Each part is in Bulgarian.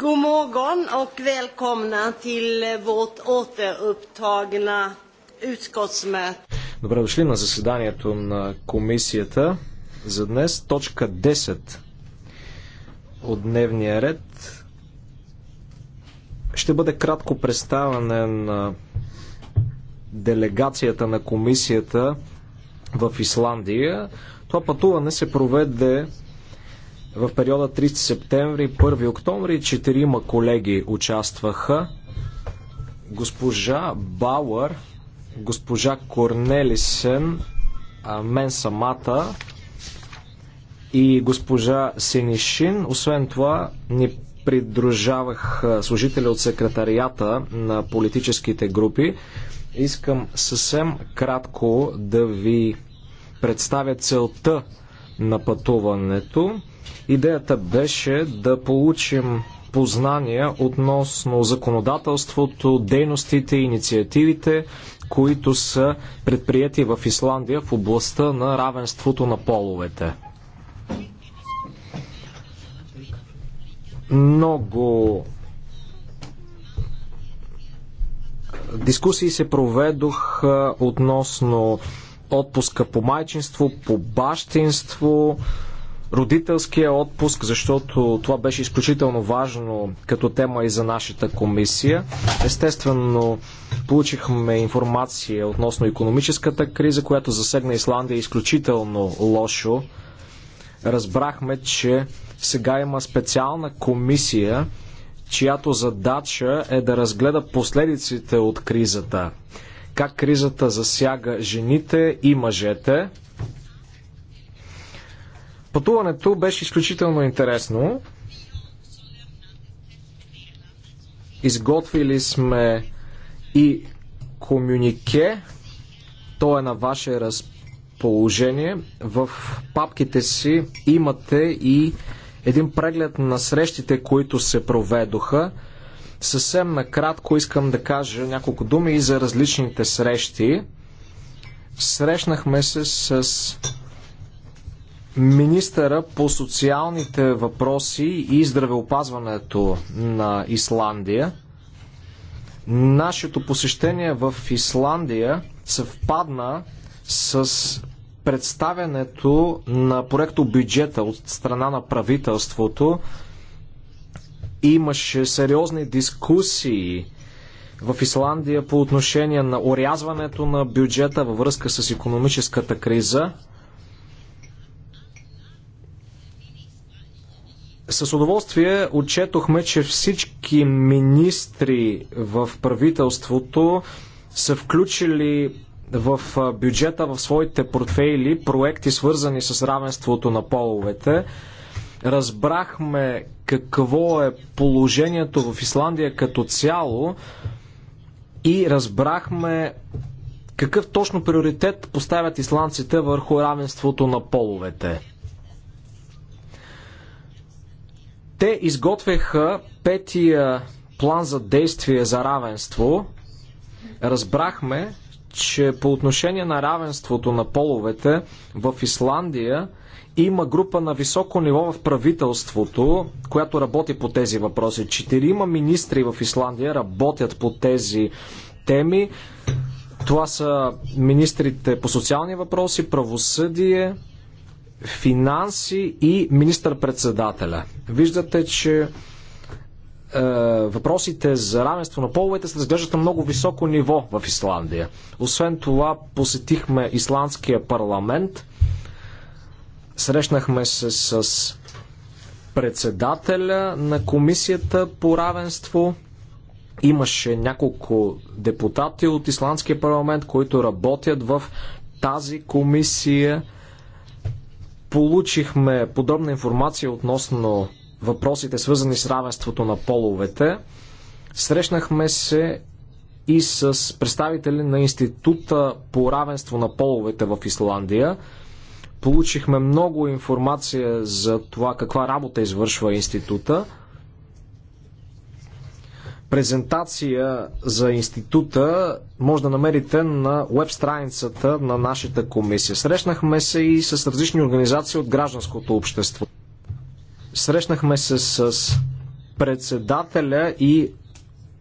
God morgon och välkomna till vårt återupptagna utskottsmöte. Добре дошли на заседанието на комисията за днес. Точка 10 от дневния ред ще бъде кратко представяне на делегацията на комисията в Исландия. Това пътуване се проведе в периода 30 септември, 1 октомври, четирима колеги участваха. Госпожа Бауър, госпожа Корнелисен, мен самата и госпожа Сенишин. Освен това, ни придружавах служители от секретарията на политическите групи. Искам съвсем кратко да ви представя целта на пътуването. Идеята беше да получим познания относно законодателството, дейностите и инициативите, които са предприяти в Исландия в областта на равенството на половете. Много дискусии се проведох относно отпуска по майчинство, по бащинство, родителския отпуск, защото това беше изключително важно като тема и за нашата комисия. Естествено, получихме информация относно економическата криза, която засегна Исландия изключително лошо. Разбрахме, че сега има специална комисия, чиято задача е да разгледа последиците от кризата. Как кризата засяга жените и мъжете – Пътуването беше изключително интересно. Изготвили сме и комюнике. То е на ваше разположение. В папките си имате и един преглед на срещите, които се проведоха. Съвсем накратко искам да кажа няколко думи и за различните срещи. Срещнахме се с министъра по социалните въпроси и здравеопазването на Исландия. Нашето посещение в Исландия съвпадна с представянето на проекто бюджета от страна на правителството. Имаше сериозни дискусии в Исландия по отношение на орязването на бюджета във връзка с економическата криза. С удоволствие отчетохме, че всички министри в правителството са включили в бюджета в своите портфейли проекти, свързани с равенството на половете. Разбрахме какво е положението в Исландия като цяло и разбрахме какъв точно приоритет поставят исландците върху равенството на половете. Те изготвяха петия план за действие за равенство. Разбрахме, че по отношение на равенството на половете в Исландия има група на високо ниво в правителството, която работи по тези въпроси. Четирима министри в Исландия работят по тези теми. Това са министрите по социални въпроси, правосъдие, финанси и министър-председателя. Виждате, че е, въпросите за равенство на половете се разглеждат на много високо ниво в Исландия. Освен това, посетихме Исландския парламент, срещнахме се с председателя на комисията по равенство. Имаше няколко депутати от Исландския парламент, които работят в тази комисия. Получихме подобна информация относно въпросите, свързани с равенството на половете. Срещнахме се и с представители на Института по равенство на половете в Исландия. Получихме много информация за това каква работа извършва института – презентация за института може да намерите на веб страницата на нашата комисия. Срещнахме се и с различни организации от гражданското общество. Срещнахме се с председателя и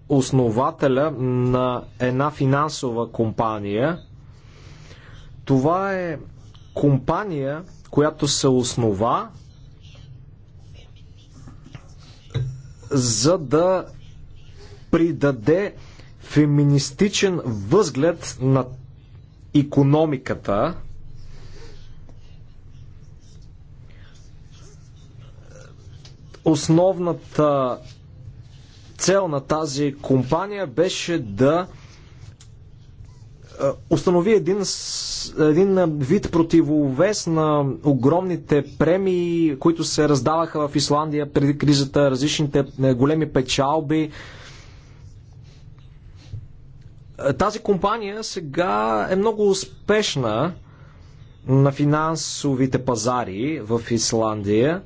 основателя на една финансова компания. Това е компания, която се основа за да придаде феминистичен възглед на економиката, основната цел на тази компания беше да е, установи един, един вид противовес на огромните премии, които се раздаваха в Исландия преди кризата, различните е, големи печалби, тази компания сега е много успешна на финансовите пазари в Исландия.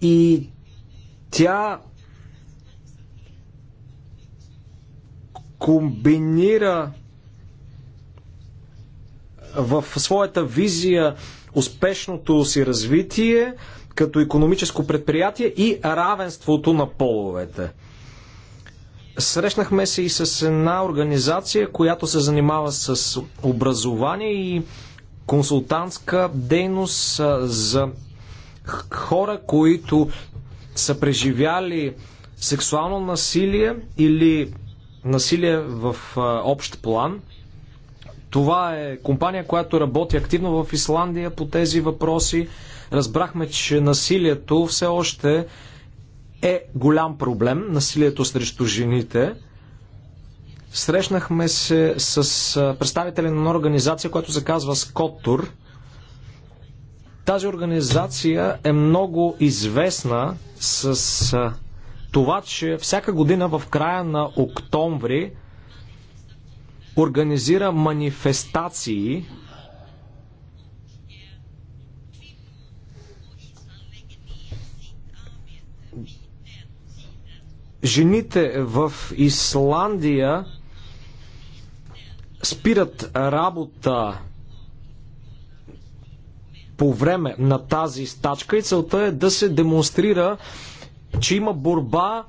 И тя комбинира в своята визия успешното си развитие като економическо предприятие и равенството на половете. Срещнахме се и с една организация, която се занимава с образование и консултантска дейност за хора, които са преживяли сексуално насилие или насилие в общ план – това е компания, която работи активно в Исландия по тези въпроси. Разбрахме, че насилието все още е голям проблем, насилието срещу жените. Срещнахме се с представители на организация, която се казва Скоттур. Тази организация е много известна с това, че всяка година в края на октомври организира манифестации Жените в Исландия спират работа по време на тази стачка и целта е да се демонстрира, че има борба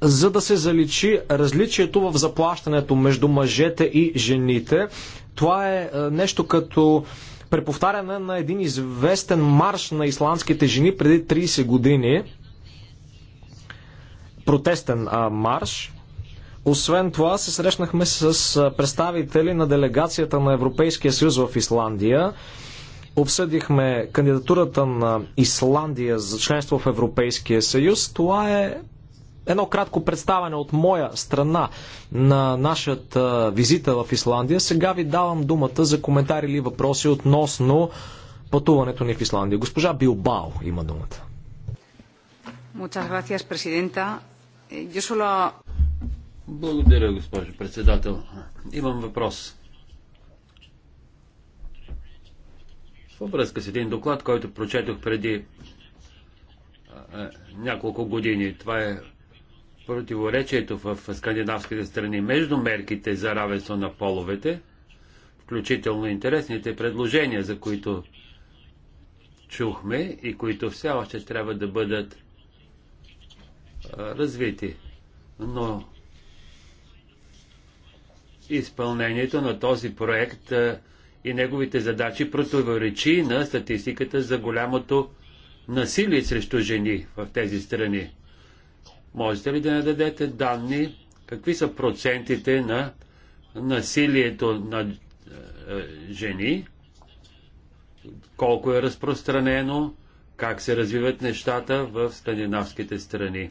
за да се заличи различието в заплащането между мъжете и жените. Това е, е нещо като преповтаряне на един известен марш на исландските жени преди 30 години. Протестен а, марш. Освен това, се срещнахме с представители на делегацията на Европейския съюз в Исландия. Обсъдихме кандидатурата на Исландия за членство в Европейския съюз. Това е едно кратко представане от моя страна на нашата визита в Исландия. Сега ви давам думата за коментари или въпроси относно пътуването ни в Исландия. Госпожа Билбао има думата. Е, Благодаря, госпожо председател. Имам въпрос. Във връзка с един доклад, който прочетох преди няколко години. Това е противоречието в скандинавските страни между мерките за равенство на половете, включително интересните предложения, за които чухме и които все още трябва да бъдат развити. Но изпълнението на този проект и неговите задачи противоречи на статистиката за голямото насилие срещу жени в тези страни. Можете ли да не дадете данни какви са процентите на насилието на е, жени, колко е разпространено, как се развиват нещата в скандинавските страни.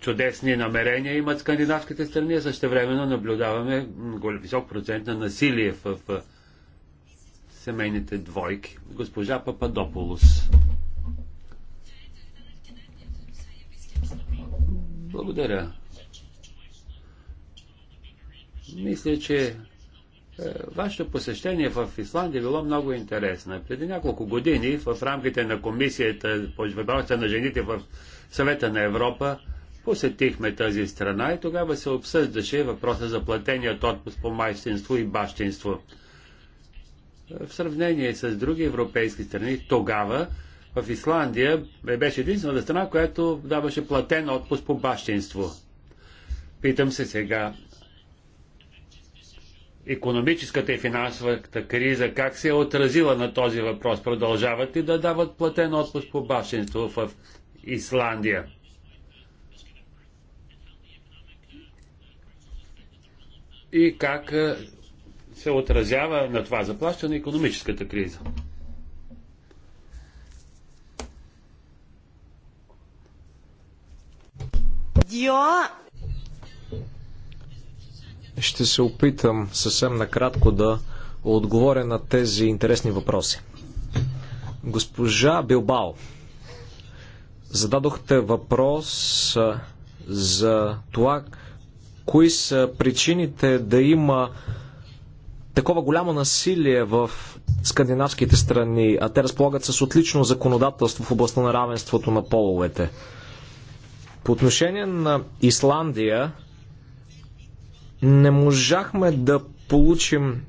Чудесни намерения имат скандинавските страни, а също времено наблюдаваме висок процент на насилие в семейните двойки. Госпожа Пападополос. Благодаря. Мисля, че е, Вашето посещение в Исландия било много интересно. Преди няколко години в рамките на комисията по въпроса на жените в съвета на Европа посетихме тази страна и тогава се обсъждаше въпроса за платеният отпуск по майстинство и бащинство. В сравнение с други европейски страни, тогава в Исландия беше единствената страна, която даваше платен отпуск по бащинство. Питам се сега, економическата и финансовата криза как се е отразила на този въпрос? Продължават ли да дават платен отпуск по бащинство в Исландия? И как е, се отразява на това заплащане економическата криза? Ще се опитам съвсем накратко да отговоря на тези интересни въпроси. Госпожа Билбао, зададохте въпрос за това, кои са причините да има такова голямо насилие в скандинавските страни, а те разполагат с отлично законодателство в областта на равенството на половете. По отношение на Исландия, не можахме да получим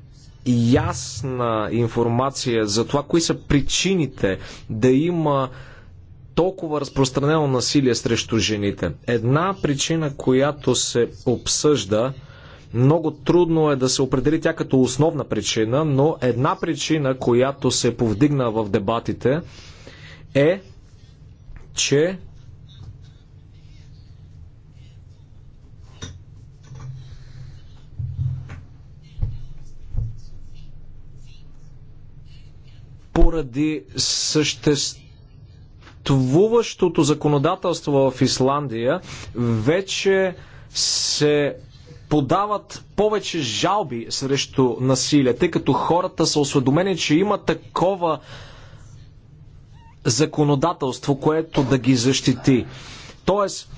ясна информация за това, кои са причините да има толкова разпространено насилие срещу жените. Една причина, която се обсъжда, много трудно е да се определи тя като основна причина, но една причина, която се повдигна в дебатите е, че поради съществуващото законодателство в Исландия вече се подават повече жалби срещу насилие, тъй като хората са осведомени, че има такова законодателство, което да ги защити. Тоест,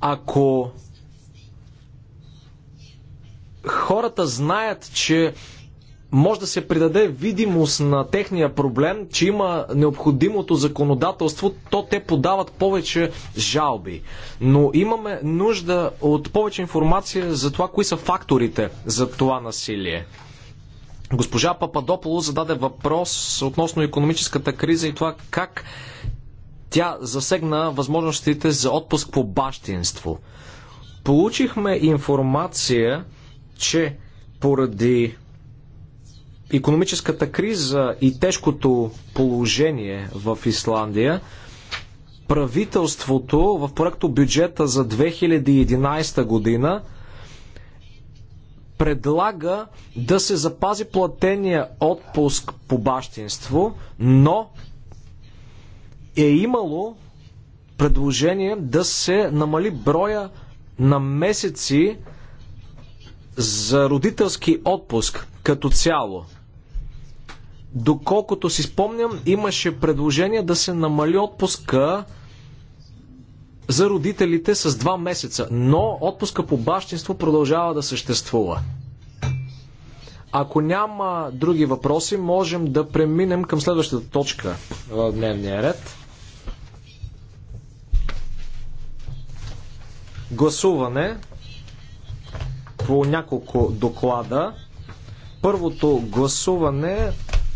ако хората знаят, че може да се придаде видимост на техния проблем, че има необходимото законодателство, то те подават повече жалби. Но имаме нужда от повече информация за това, кои са факторите за това насилие. Госпожа Пападополо зададе въпрос относно економическата криза и това как тя засегна възможностите за отпуск по бащинство. Получихме информация, че поради економическата криза и тежкото положение в Исландия, правителството в проекто бюджета за 2011 година предлага да се запази платения отпуск по бащинство, но е имало предложение да се намали броя на месеци за родителски отпуск като цяло. Доколкото си спомням, имаше предложение да се намали отпуска за родителите с два месеца, но отпуска по бащинство продължава да съществува. Ако няма други въпроси, можем да преминем към следващата точка в дневния ред. Гласуване по няколко доклада. Първото гласуване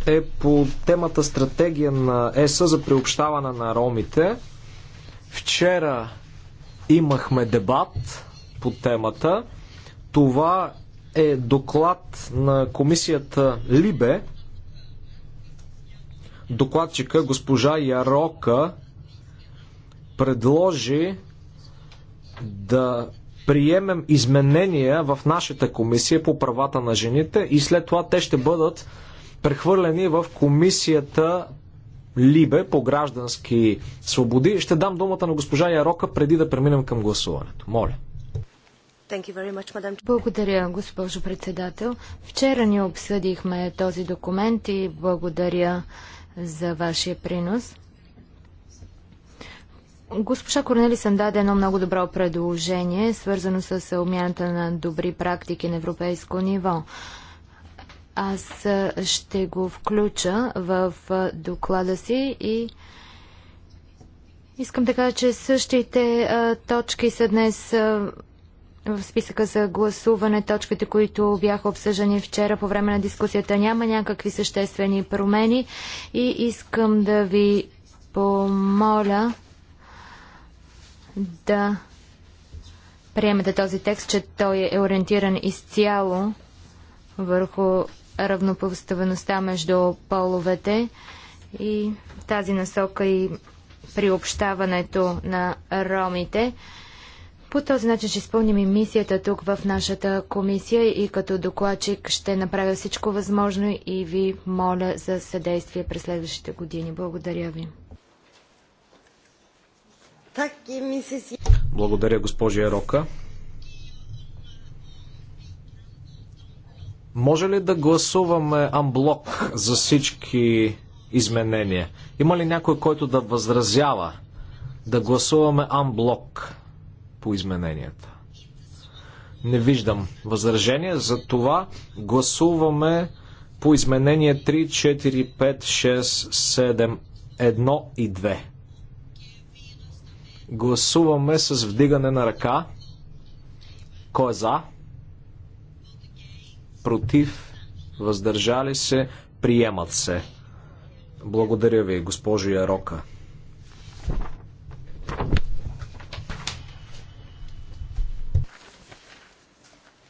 е по темата стратегия на ЕСА за приобщаване на ромите. Вчера имахме дебат по темата. Това е доклад на комисията Либе. Докладчика госпожа Ярока предложи да приемем изменения в нашата комисия по правата на жените и след това те ще бъдат прехвърлени в комисията Либе по граждански свободи. Ще дам думата на госпожа Ярока преди да преминем към гласуването. Моля. Much, благодаря, госпожо председател. Вчера ни обсъдихме този документ и благодаря за вашия принос. Госпожа Корнели съм даде едно много добро предложение, свързано с обмяната на добри практики на европейско ниво. Аз ще го включа в доклада си и искам да кажа, че същите точки са днес в списъка за гласуване. Точките, които бяха обсъждани вчера по време на дискусията, няма някакви съществени промени и искам да ви помоля да приемете този текст, че той е ориентиран изцяло върху равнопоставеността между половете и тази насока и приобщаването на ромите. По този начин ще изпълним и мисията тук в нашата комисия и като докладчик ще направя всичко възможно и ви моля за съдействие през следващите години. Благодаря ви. Благодаря, госпожа Ерока. Може ли да гласуваме амблок за всички изменения? Има ли някой, който да възразява да гласуваме амблок по измененията? Не виждам възражение, за това гласуваме по изменение 3, 4, 5, 6, 7, 1 и 2. Гласуваме с вдигане на ръка. Кой е за? против, въздържали се, приемат се. Благодаря ви, госпожо Ярока.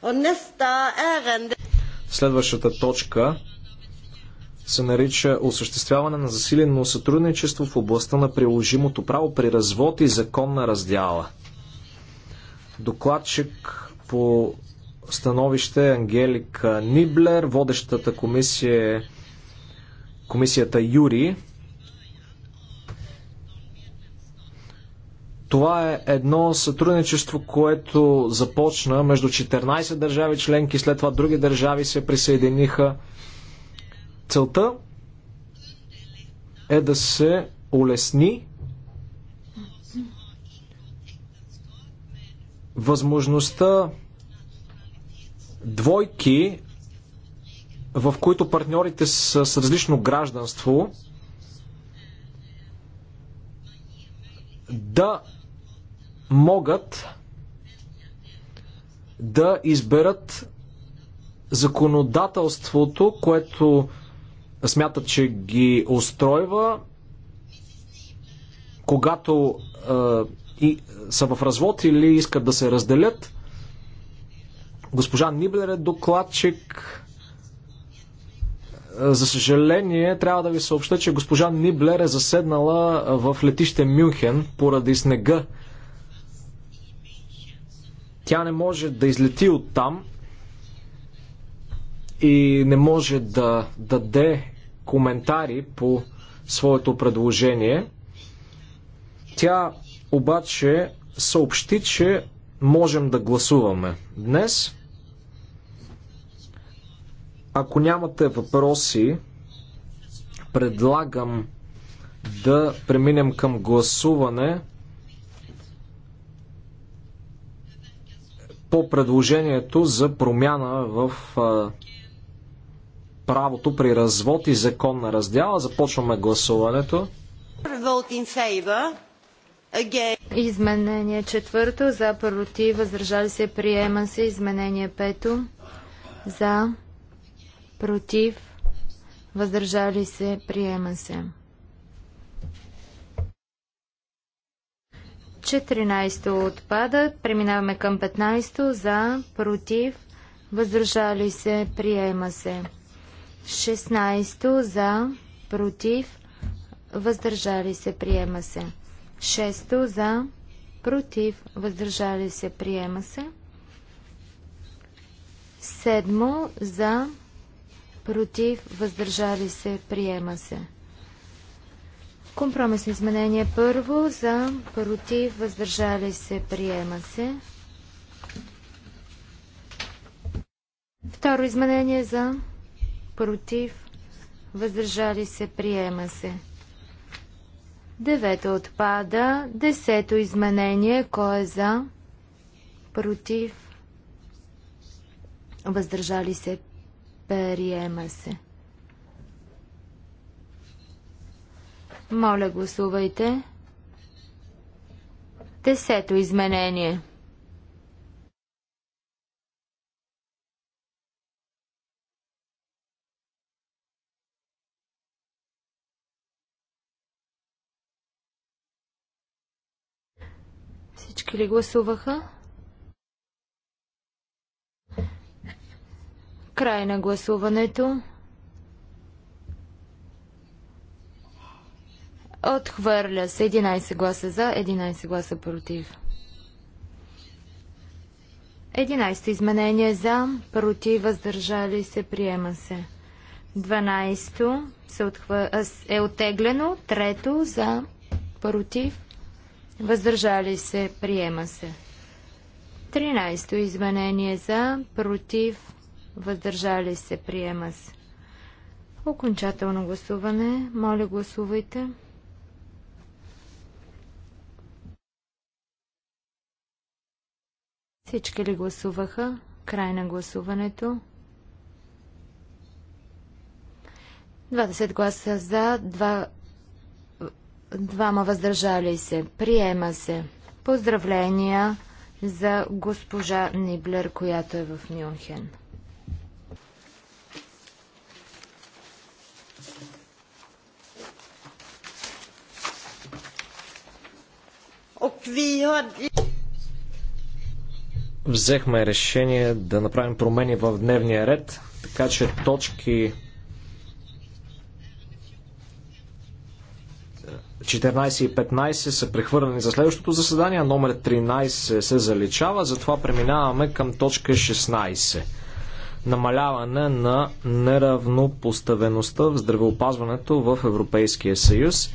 Er Следващата точка се нарича осъществяване на засилено сътрудничество в областта на приложимото право при развод и законна раздяла. Докладчик по становище Ангелик Ниблер, водещата комисия е комисията Юри. Това е едно сътрудничество, което започна между 14 държави членки, след това други държави се присъединиха. Целта е да се улесни възможността двойки, в които партньорите са с различно гражданство, да могат да изберат законодателството, което смятат, че ги устройва, когато е, и, са в развод или искат да се разделят. Госпожа Ниблер е докладчик. За съжаление, трябва да ви съобща, че госпожа Ниблер е заседнала в летище Мюнхен поради снега. Тя не може да излети от там и не може да даде коментари по своето предложение. Тя обаче съобщи, че можем да гласуваме днес. Ако нямате въпроси, предлагам да преминем към гласуване по предложението за промяна в правото при развод и закон на раздяла. Започваме гласуването. Vote in favor. Изменение четвърто за против, въздържали се, приема се. Изменение пето за против, въздържали се, приема се. 14 отпада. Преминаваме към 15 за против, въздържали се, приема се. 16 за против, въздържали се, приема се. Шесто за, против, въздържали се, приема се. Седмо за, против, въздържали се, приема се. Компромисно изменение първо за, против, въздържали се, приема се. Второ изменение за, против, въздържали се, приема се. Девето отпада. Десето изменение. Кой е за? Против? Въздържали се? Приема се. Моля, гласувайте. Десето изменение. Всички ли гласуваха? Край на гласуването. Отхвърля се 11 гласа за, 11 гласа против. 11 изменение за, против, въздържали се, приема се. 12 се отхва... е оттеглено, 3 за, против, въздържали се, приема се. 13 то изменение за, против, въздържали се, приема се. Окончателно гласуване. Моля, гласувайте. Всички ли гласуваха? Край на гласуването. 20 гласа за, 2 Двама въздържали се. Приема се. Поздравления за госпожа Ниблер, която е в Мюнхен. Взехме решение да направим промени в дневния ред, така че точки 14 и 15 са прехвърлени за следващото заседание, номер 13 се заличава, затова преминаваме към точка 16. Намаляване на неравнопоставеността в здравеопазването в Европейския съюз.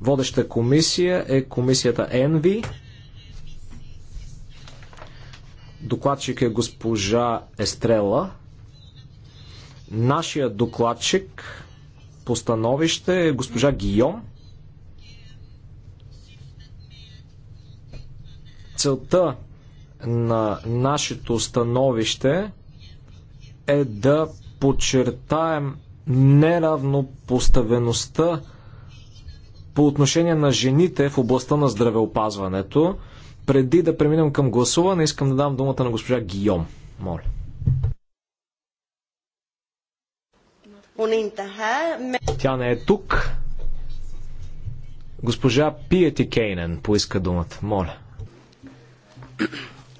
Водеща комисия е комисията ЕНВИ. Докладчик е госпожа Естрела. Нашия докладчик постановище е госпожа Гийом. Целта на нашето становище е да подчертаем неравнопоставеността по отношение на жените в областта на здравеопазването. Преди да преминем към гласуване, искам да дам думата на госпожа Гийом. Моля. Тя не е тук. Госпожа Пиети Кейнен поиска думата. Моля.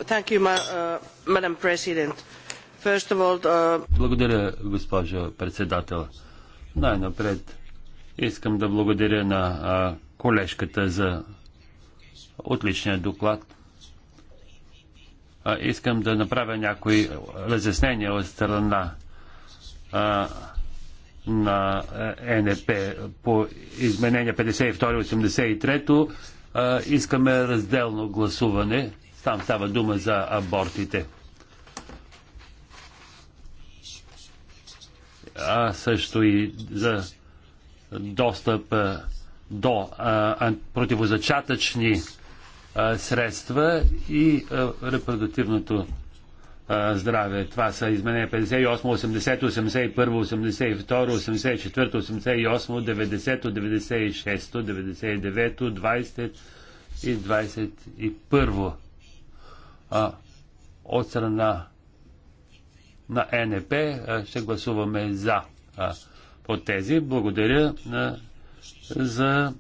Uh, uh, благодаря, госпожо председател. Най-напред искам да благодаря на колежката за отличния доклад. Искам да направя някои разяснения от страна на е, НП по изменение 52-83. Искаме разделно гласуване там става дума за абортите. А също и за достъп до а, противозачатъчни а, средства и а, репродуктивното а, здраве. Това са изменения 58, 80, 81, 82, 84, 88, 90, 96, 99, 20 и 21 а, от страна на НП а, ще гласуваме за а, по тези. Благодаря а, за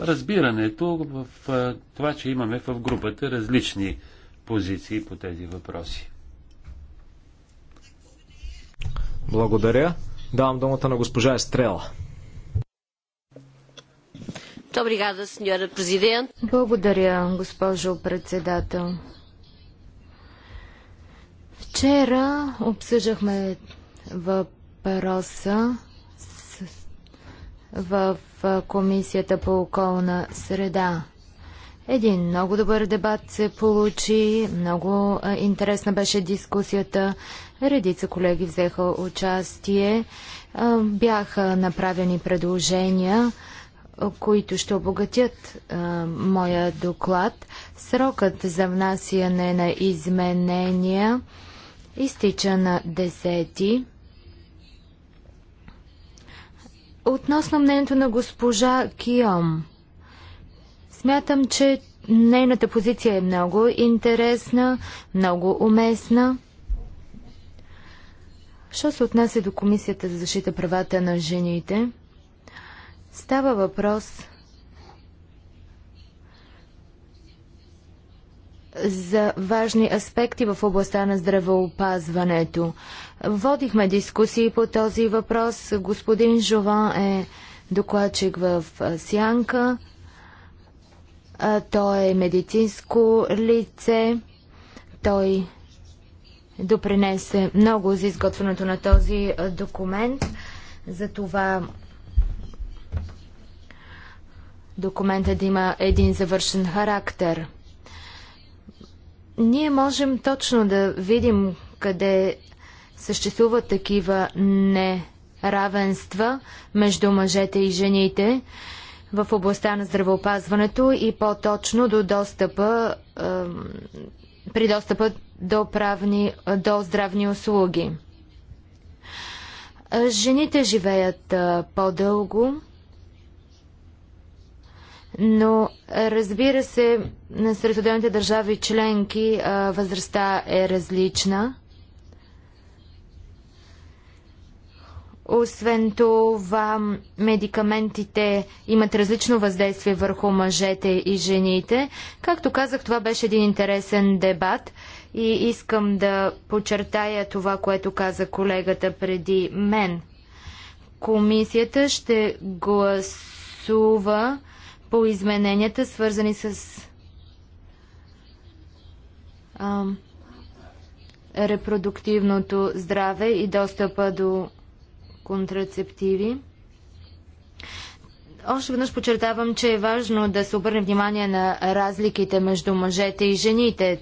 разбирането в а, това, че имаме в групата различни позиции по тези въпроси. Благодаря. Давам думата на госпожа Естрела. Благодаря, госпожо председател. Вчера обсъждахме въпроса с... в Комисията по околна среда. Един много добър дебат се получи, много интересна беше дискусията. Редица колеги взеха участие. бяха направени предложения, които ще обогатят моя доклад. Срокът за внасяне на изменения изтича на 10. Относно мнението на госпожа Киом, смятам, че нейната позиция е много интересна, много уместна. Що се отнася до Комисията за защита правата на жените, става въпрос за важни аспекти в областта на здравеопазването. Водихме дискусии по този въпрос. Господин Жован е докладчик в Сянка. Той е медицинско лице. Той допринесе много за изготвянето на този документ. Затова документът има един завършен характер – ние можем точно да видим къде съществуват такива неравенства между мъжете и жените в областта на здравеопазването и по-точно до достъпа, е, при достъпа до, правни, до здравни услуги. Жените живеят по-дълго, но разбира се, сред отделните държави членки възрастта е различна. Освен това, медикаментите имат различно въздействие върху мъжете и жените. Както казах, това беше един интересен дебат и искам да подчертая това, което каза колегата преди мен. Комисията ще гласува по измененията, свързани с а, репродуктивното здраве и достъпа до контрацептиви. Още веднъж подчертавам, че е важно да се обърне внимание на разликите между мъжете и жените.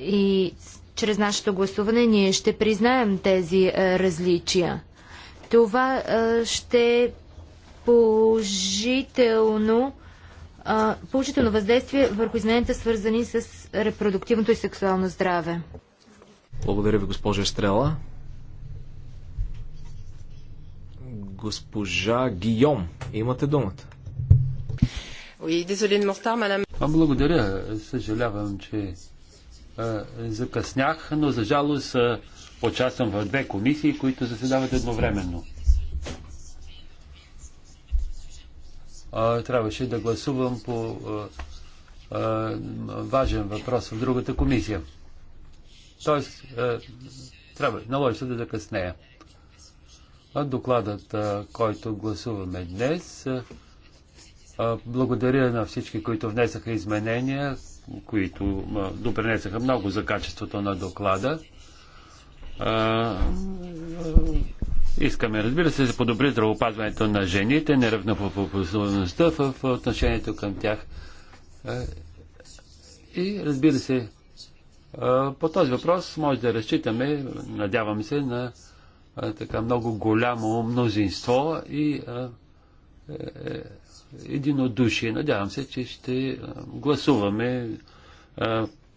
И чрез нашето гласуване ние ще признаем тези различия. Това ще положително, а, положително въздействие върху измененията, свързани с репродуктивното и сексуално здраве. Благодаря ви, госпожа Стрела. Госпожа Гийом, имате думата. Благодаря. Съжалявам, че а, закъснях, но за жалост а, участвам в две комисии, които заседават едновременно. трябваше да гласувам по важен въпрос в другата комисия. Тоест, трябва, наложи се да закъснея. Докладът, който гласуваме днес, благодаря на всички, които внесаха изменения, които допринесаха много за качеството на доклада. Искаме, разбира се, да подобри здравопазването на жените, неравнопоследността в отношението към тях. Е, и, разбира се, е, по този въпрос може да разчитаме, надявам се, на е, така много голямо мнозинство и единодушие. Надявам се, че ще гласуваме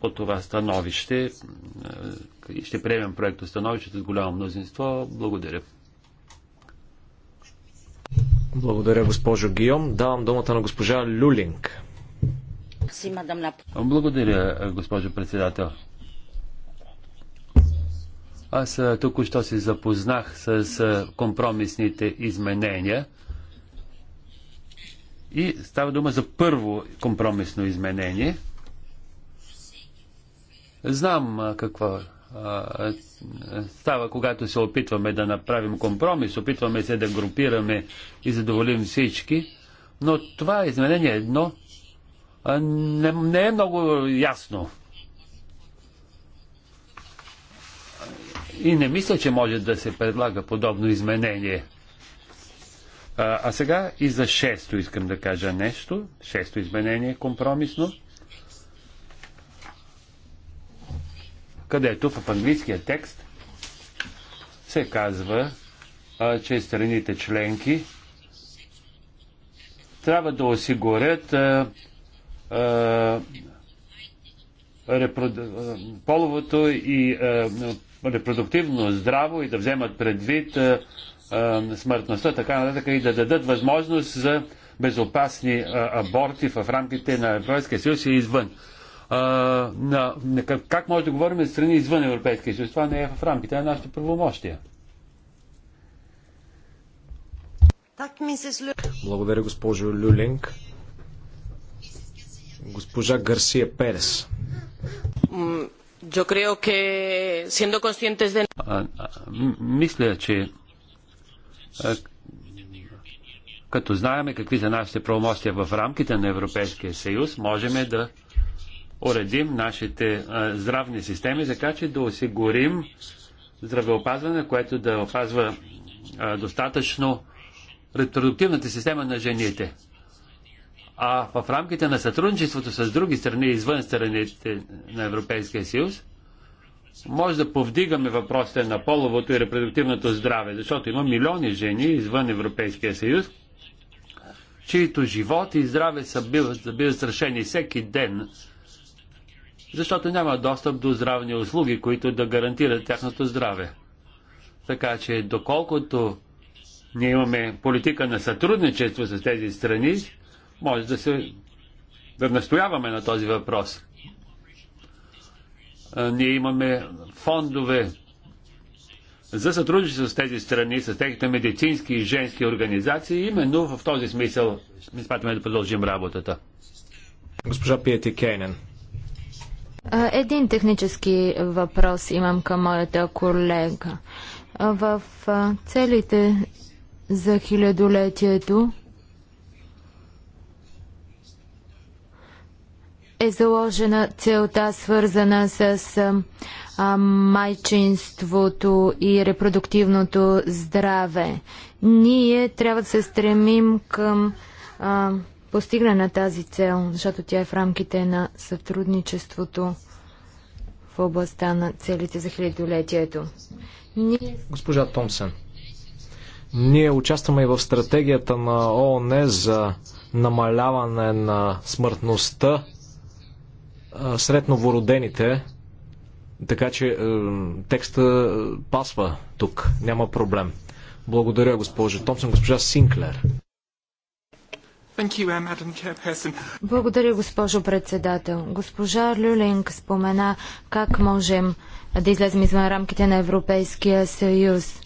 по това становище и ще приемем проекто становището с голямо мнозинство. Благодаря. Благодаря, госпожо Гиом. Давам думата на госпожа Люлинг. Благодаря, госпожо председател. Аз току-що се запознах с компромисните изменения и става дума за първо компромисно изменение. Знам какво става, когато се опитваме да направим компромис, опитваме се да групираме и задоволим всички, но това изменение едно не, не е много ясно. И не мисля, че може да се предлага подобно изменение. А, а сега и за шесто искам да кажа нещо. Шесто изменение компромисно. където в английския текст се казва, а, че страните членки трябва да осигурят а, а, репроду... половото и а, репродуктивно здраво и да вземат предвид а, а, смъртността, така нататък, и да дадат възможност за безопасни а, аборти в рамките на Европейския съюз и извън на, на, как, как може да говорим за страни извън Европейския съюз? Това не е в рамките на нашите правомощия. Благодаря, госпожо Люлинг. Госпожа Гарсия Перес. Yo creo que siendo conscientes de... Мисля, че като знаеме какви са нашите правомощия в рамките на Европейския съюз, можем да уредим нашите здравни системи, така че да осигурим здравеопазване, което да опазва достатъчно репродуктивната система на жените. А в рамките на сътрудничеството с други страни извън страните на Европейския съюз, може да повдигаме въпросите на половото и репродуктивното здраве, защото има милиони жени извън Европейския съюз, чието живот и здраве са били застрашени страшени всеки ден защото няма достъп до здравни услуги, които да гарантират тяхното здраве. Така че, доколкото ние имаме политика на сътрудничество с тези страни, може да се да настояваме на този въпрос. Ние имаме фондове за сътрудничество с тези страни, с техните медицински и женски организации. Именно в този смисъл ми смятаме да продължим работата. Госпожа Пиети Кейнен. Един технически въпрос имам към моята колега. В целите за хилядолетието е заложена целта, свързана с а, майчинството и репродуктивното здраве. Ние трябва да се стремим към а, постигне на тази цел, защото тя е в рамките на сътрудничеството в областта на целите за хилядолетието. Ние... Госпожа Томсен, ние участваме и в стратегията на ООН за намаляване на смъртността сред новородените, така че е, текста пасва тук, няма проблем. Благодаря, госпожо Томсен, госпожа Синклер. Uh, Благодаря, госпожо председател. Госпожа Люлинг спомена как можем да излезем извън рамките на Европейския съюз.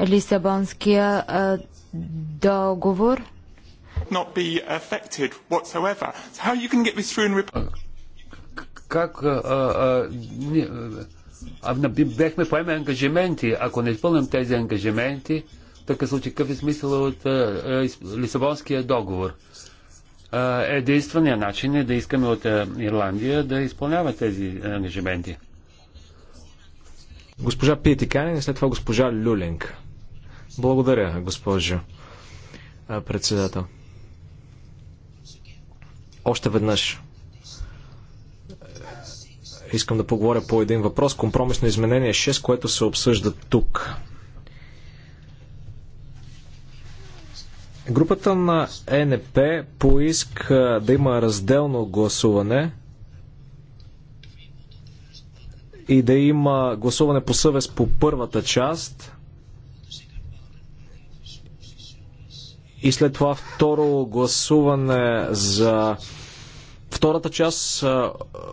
Лисабонския а, договор. Как бяхме поеме ангажименти. Ако не изпълним тези ангажименти, такъв случай какъв е смисъл от Лисабонския договор? единственият начин е да искаме от Ирландия да изпълнява тези ангажименти. Госпожа Питиканин и след това госпожа Люлинг. Благодаря, госпожо председател. Още веднъж искам да поговоря по един въпрос. Компромисно изменение 6, което се обсъжда тук. Групата на ЕНП поиска да има разделно гласуване и да има гласуване по съвест по първата част и след това второ гласуване за Втората част,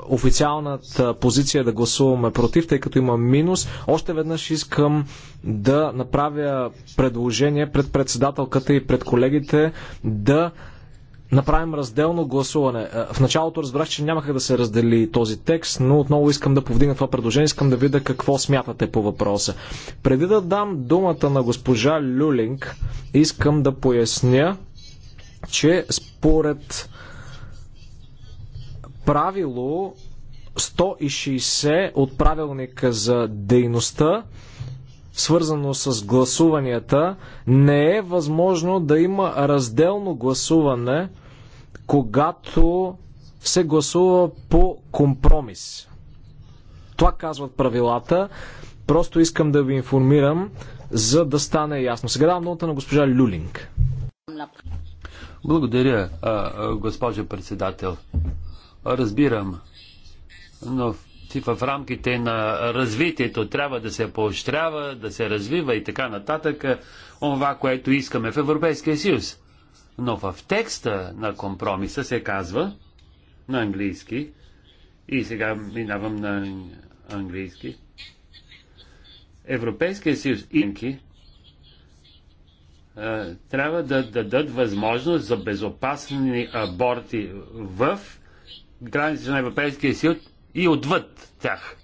официалната позиция е да гласуваме против, тъй като има минус. Още веднъж искам да направя предложение пред председателката и пред колегите да направим разделно гласуване. В началото разбрах, че нямаха да се раздели този текст, но отново искам да повдигна това предложение, искам да видя какво смятате по въпроса. Преди да дам думата на госпожа Люлинг, искам да поясня, че според правило 160 от правилника за дейността, свързано с гласуванията, не е възможно да има разделно гласуване, когато се гласува по компромис. Това казват правилата. Просто искам да ви информирам, за да стане ясно. Сега давам думата на госпожа Люлинг. Благодаря, госпожо председател разбирам, но ти в рамките на развитието трябва да се поощрява, да се развива и така нататък това, е, което искаме в Европейския съюз. Но в текста на компромиса се казва на английски, и сега минавам на английски, Европейския съюз инки е, трябва да дадат възможност за безопасни аборти в границите на Европейския съюз и отвъд тях.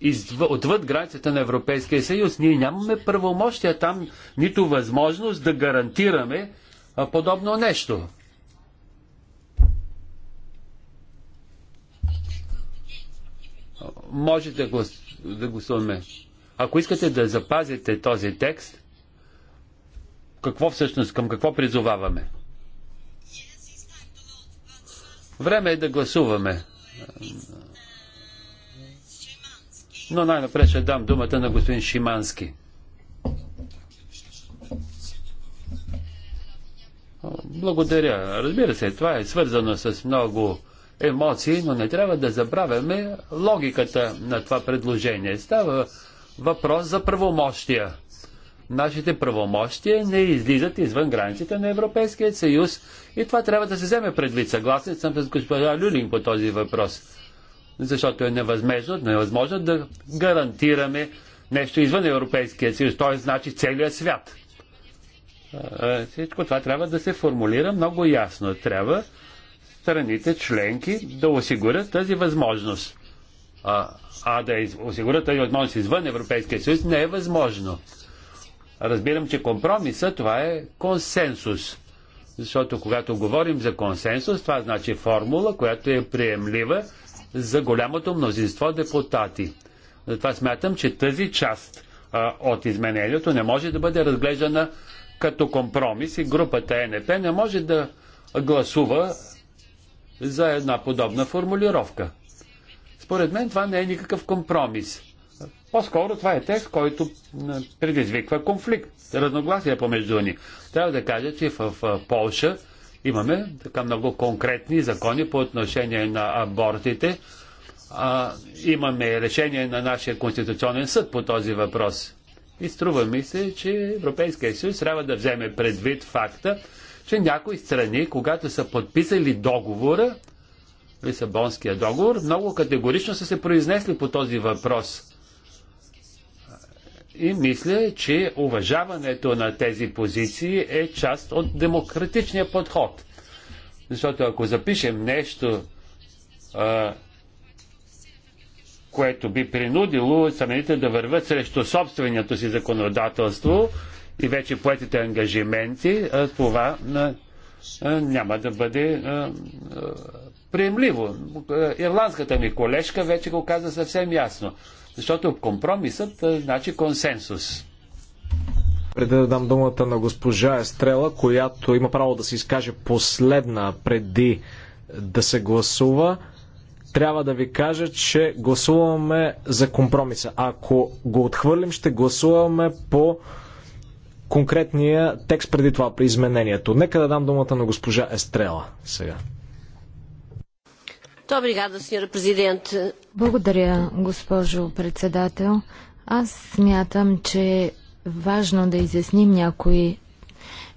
Изв... Отвъд границата на Европейския съюз ние нямаме правомощия там, нито възможност да гарантираме а, подобно нещо. Може да, го да гласуваме. Ако искате да запазите този текст, какво всъщност, към какво призоваваме? Време е да гласуваме. Но най-напред ще дам думата на господин Шимански. Благодаря. Разбира се, това е свързано с много емоции, но не трябва да забравяме логиката на това предложение. Става въпрос за правомощия нашите правомощия не излизат извън границите на Европейския съюз и това трябва да се вземе предвид. Съгласен съм с госпожа Люлин по този въпрос, защото е невъзможно, е невъзможно да гарантираме нещо извън Европейския съюз, т.е. значи целият свят. Всичко това трябва да се формулира много ясно. Трябва страните членки да осигурят тази възможност. А, а да осигурят тази възможност извън Европейския съюз не е възможно. Разбирам, че компромиса това е консенсус. Защото когато говорим за консенсус, това значи формула, която е приемлива за голямото мнозинство депутати. Затова смятам, че тази част а, от изменението не може да бъде разглеждана като компромис и групата е НП не може да гласува за една подобна формулировка. Според мен това не е никакъв компромис. По-скоро това е текст, който предизвиква конфликт, разногласия помежду ни. Трябва да кажа, че в Полша имаме така много конкретни закони по отношение на абортите. А, имаме решение на нашия конституционен съд по този въпрос. И струва ми се, че Европейския съюз трябва да вземе предвид факта, че някои страни, когато са подписали договора, Лисабонския договор, много категорично са се произнесли по този въпрос. И мисля, че уважаването на тези позиции е част от демократичния подход. Защото ако запишем нещо, а, което би принудило самите да върват срещу собственото си законодателство и вече поетите ангажименти, а, това а, няма да бъде а, а, приемливо. Ирландската ми колежка вече го каза съвсем ясно. Защото компромисът е, значи консенсус. Преди да дам думата на госпожа Естрела, която има право да се изкаже последна преди да се гласува, трябва да ви кажа, че гласуваме за компромиса. Ако го отхвърлим, ще гласуваме по конкретния текст преди това, при изменението. Нека да дам думата на госпожа Естрела сега. Благодаря, госпожо председател. Аз смятам, че е важно да изясним някои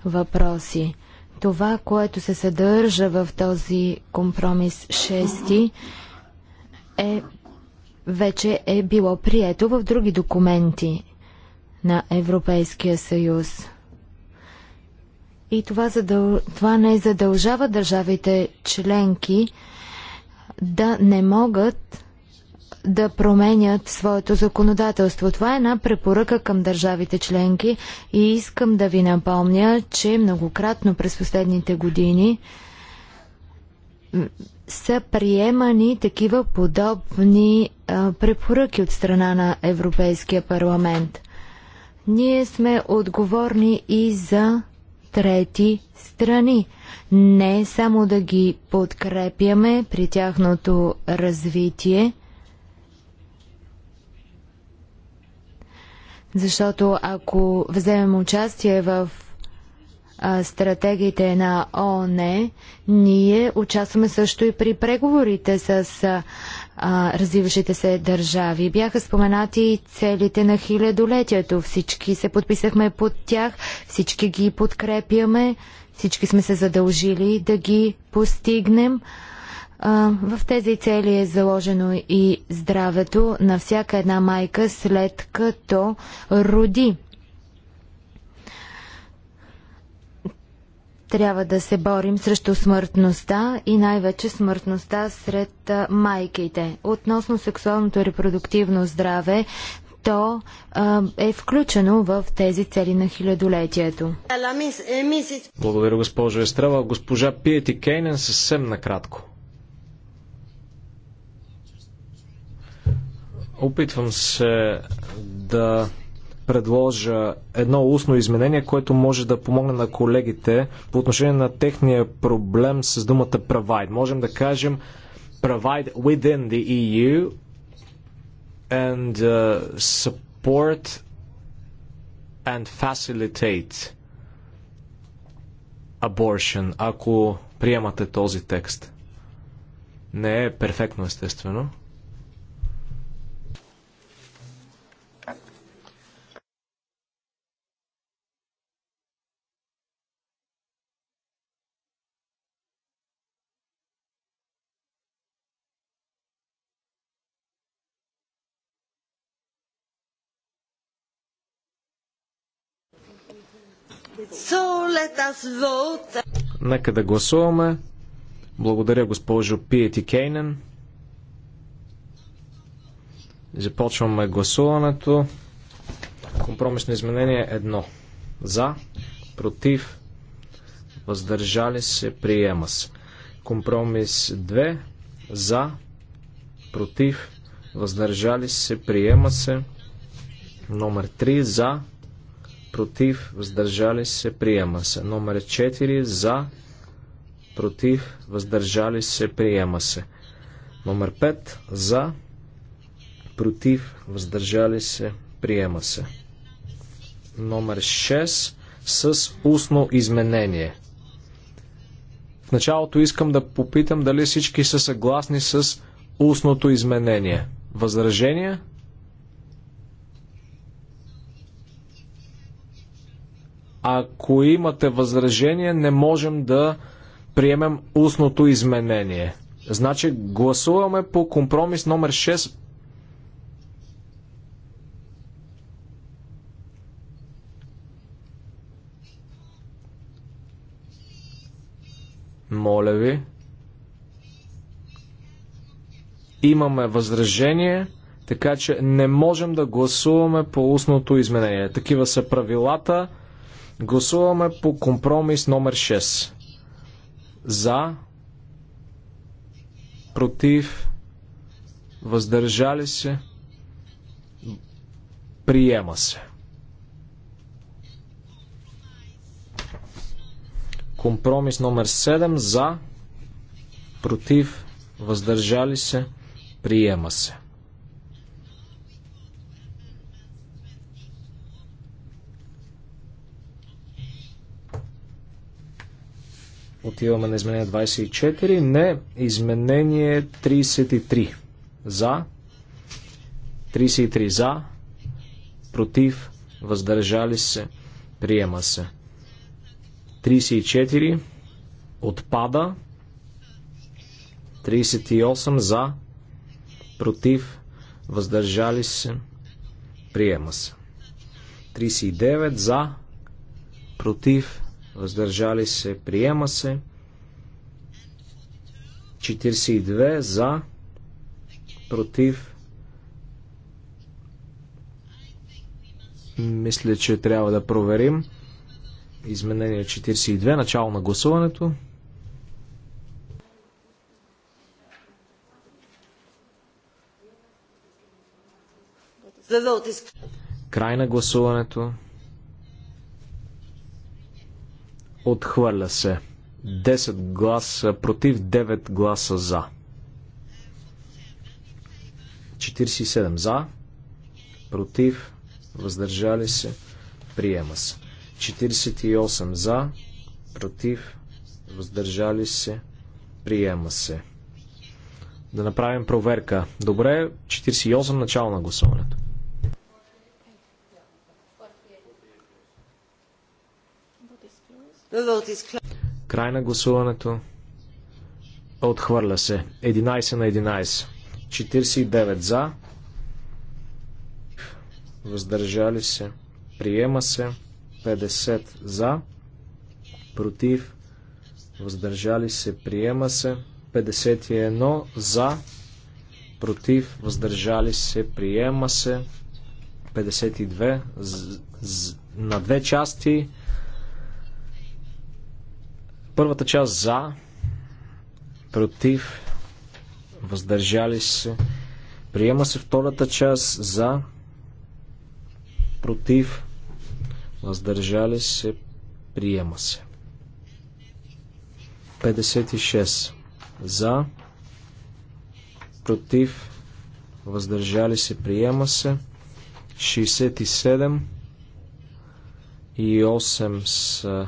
въпроси. Това, което се съдържа в този компромис 6 е вече е било прието в други документи на Европейския съюз. И това, задъл... това не задължава държавите членки да не могат да променят своето законодателство. Това е една препоръка към държавите членки и искам да ви напомня, че многократно през последните години са приемани такива подобни препоръки от страна на Европейския парламент. Ние сме отговорни и за трети страни. Не само да ги подкрепяме при тяхното развитие, защото ако вземем участие в стратегиите на ООН, ние участваме също и при преговорите с а, а, развиващите се държави. Бяха споменати целите на хилядолетието. Всички се подписахме под тях, всички ги подкрепяме, всички сме се задължили да ги постигнем. А, в тези цели е заложено и здравето на всяка една майка след като роди. Трябва да се борим срещу смъртността и най-вече смъртността сред майките. Относно сексуалното и репродуктивно здраве, то а, е включено в тези цели на хилядолетието. Благодаря, госпожо Естрела. Госпожа Пиети Кейнен съвсем накратко. Опитвам се да предложа едно устно изменение, което може да помогне на колегите по отношение на техния проблем с думата provide. Можем да кажем provide within the EU and uh, support and facilitate abortion, ако приемате този текст. Не е перфектно, естествено. So Нека да гласуваме. Благодаря, госпожо Пиети Кейнен. Започваме гласуването. Компромисно изменение едно. За, против, въздържали се, приема се. Компромис 2. За, против, въздържали се, приема се. Номер 3. За, против, въздържали се, приема се. Номер 4 за, против, въздържали се, приема се. Номер 5 за, против, въздържали се, приема се. Номер 6 с устно изменение. В началото искам да попитам дали всички са съгласни с устното изменение. Възражения? Ако имате възражение, не можем да приемем устното изменение. Значи гласуваме по компромис номер 6. Моля ви. Имаме възражение, така че не можем да гласуваме по устното изменение. Такива са правилата. Гласуваме по компромис номер 6. За, против, въздържали се, приема се. Компромис номер 7. За, против, въздържали се, приема се. Отиваме на изменение 24. Не. Изменение 33. За. 33 за. Против. Въздържали се. Приема се. 34. Отпада. 38 за. Против. Въздържали се. Приема се. 39 за. Против въздържали се, приема се. 42 за, против. Мисля, че трябва да проверим. Изменение 42, начало на гласуването. Край на гласуването. Отхвърля се. 10 гласа против, 9 гласа за. 47 за, против, въздържали се, приема се. 48 за, против, въздържали се, приема се. Да направим проверка. Добре, 48 начало на гласуването. Край на гласуването. Отхвърля се. 11 на 11. 49 за. Въздържали се. Приема се. 50 за. Против. Въздържали се. Приема се. 51 за. Против. Въздържали се. Приема се. 52 на две части. Първата част за, против, въздържали се. Приема се втората част за, против, въздържали се, приема се. 56. За, против, въздържали се, приема се. 67 и 8 са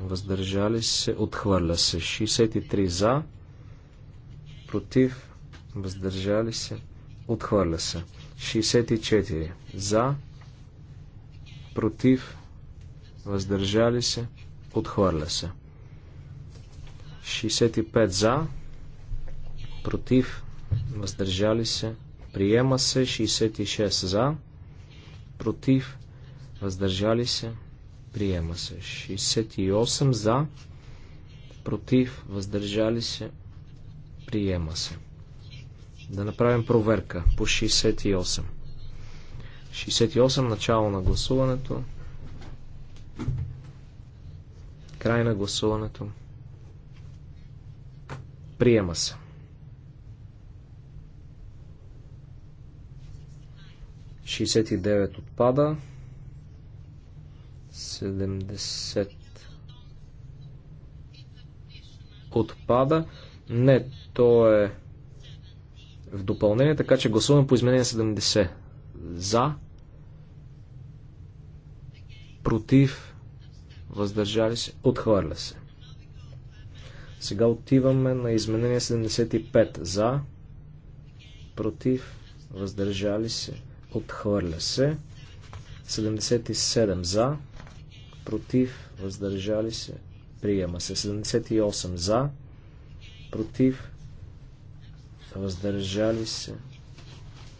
въздържали се, отхвърля се. 63 за, против, въздържали се, отхвърля се. 64 за, против, въздържали се, отхвърля се. 65 за, против, въздържали се, приема се. 66 за, против, въздържали се, Приема се. 68 за. Против. Въздържали се. Приема се. Да направим проверка по 68. 68 начало на гласуването. Край на гласуването. Приема се. Шестдесет отпада. 70 отпада. Не, то е в допълнение, така че гласуваме по изменение 70. За, против, въздържали се, отхвърля се. Сега отиваме на изменение 75. За, против, въздържали се, отхвърля се. 77 за, против, въздържали се, приема се. 78 за, против, въздържали се,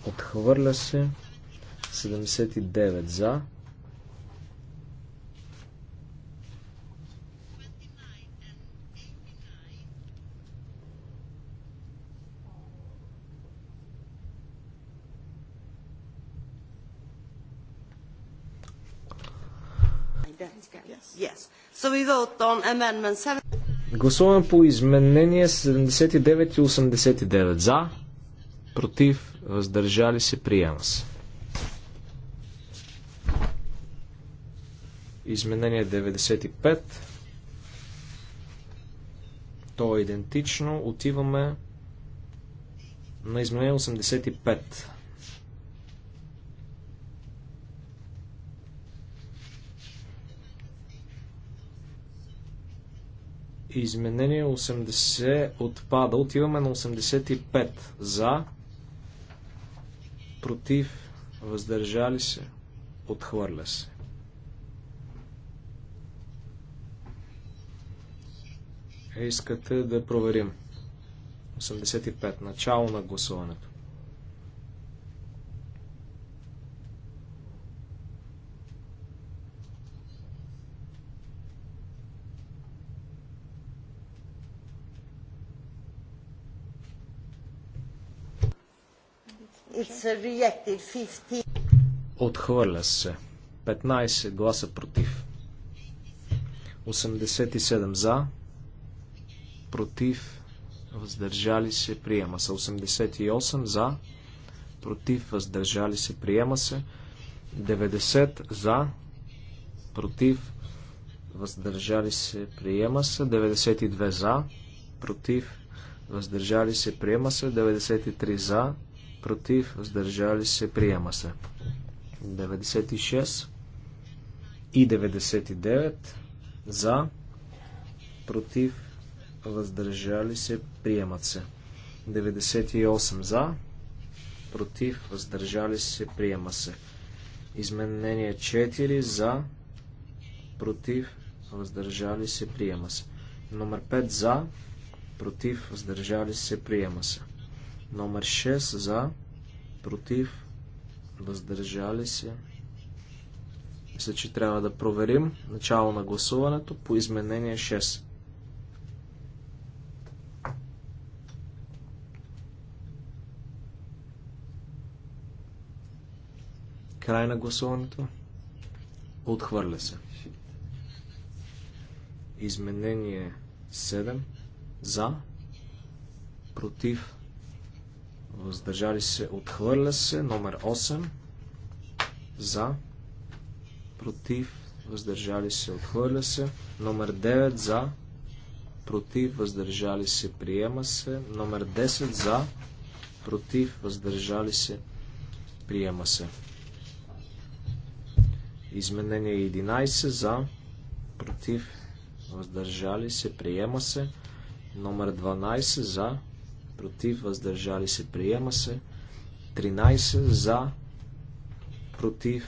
отхвърля се. 79 за, Гласуваме по изменение 79 и 89. За, против, въздържали се, приема се. Изменение 95. То е идентично. Отиваме на изменение 85. Изменение 80 отпада. Отиваме на 85. За. Против. Въздържали се. Отхвърля се. Искате да проверим. 85. Начало на гласуването. Отхвърля се. 15 гласа против. 87 за. Против. Въздържали се. Приема се. 88 за. Против. Въздържали се. Приема се. 90 за. Против. Въздържали се. Приема се. 92 за. Против въздържали се, приема се, 93 за, против, въздържали се, приема се. 96 и 99 за, против, въздържали се, приемат се. 98 за, против, въздържали се, приема се. Изменение 4 за, против, въздържали се, приема се. Номер 5 за, против, въздържали се, приема се. Номер 6 за, против, въздържали се. Мисля, че трябва да проверим начало на гласуването по изменение 6. Край на гласуването. Отхвърля се. Изменение 7. За. Против въздържали се, отхвърля се. Номер 8 за, против, въздържали се, отхвърля се. Номер 9 за, против, въздържали се, приема се. Номер 10 за, против, въздържали се, приема се. Изменение 11 за, против, въздържали се, приема се. Номер 12 за, против, въздържали се, приема се. 13 за, против,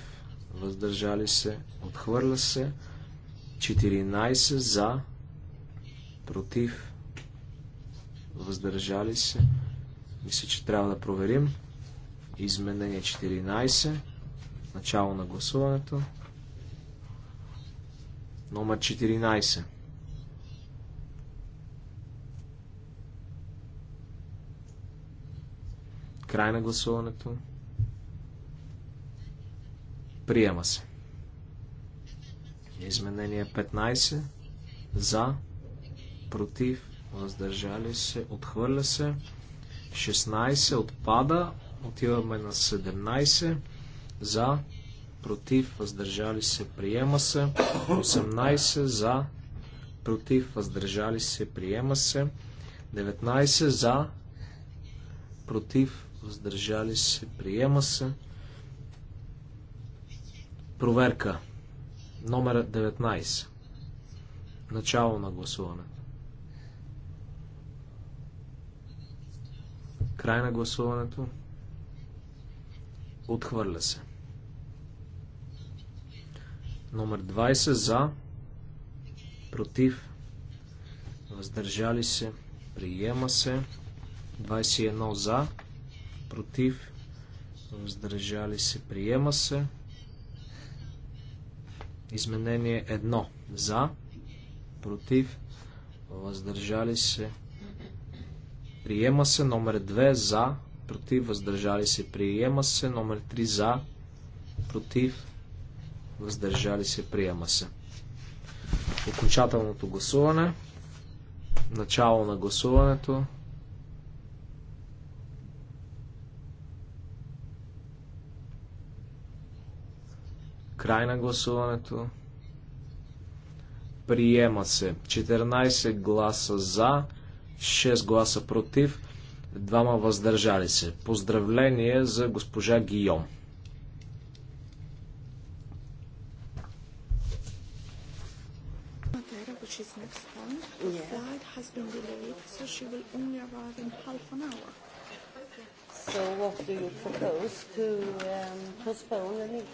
въздържали се, отхвърля се. 14 за, против, въздържали се. Мисля, че трябва да проверим. Изменение 14. Начало на гласуването. Номер 14. Край на гласуването. Приема се. Изменение 15. За. Против. Въздържали се. Отхвърля се. 16. Отпада. Отиваме на 17. За. Против. Въздържали се. Приема се. 18. За. Против. Въздържали се. Приема се. 19. За. Против въздържали се, приема се. Проверка. Номер 19. Начало на гласуването. Край на гласуването. Отхвърля се. Номер 20 за, против, въздържали се, приема се. 21 за, против, въздържали се, приема се. Изменение 1 за, против, въздържали се, приема се. Номер 2 за, против, въздържали се, приема се. Номер 3 за, против, въздържали се, приема се. Окончателното гласуване. Начало на гласуването. край на гласуването. Приема се 14 гласа за, 6 гласа против, 2 въздържали се. Поздравление за госпожа Гийом. So what do you propose to um, postpone any...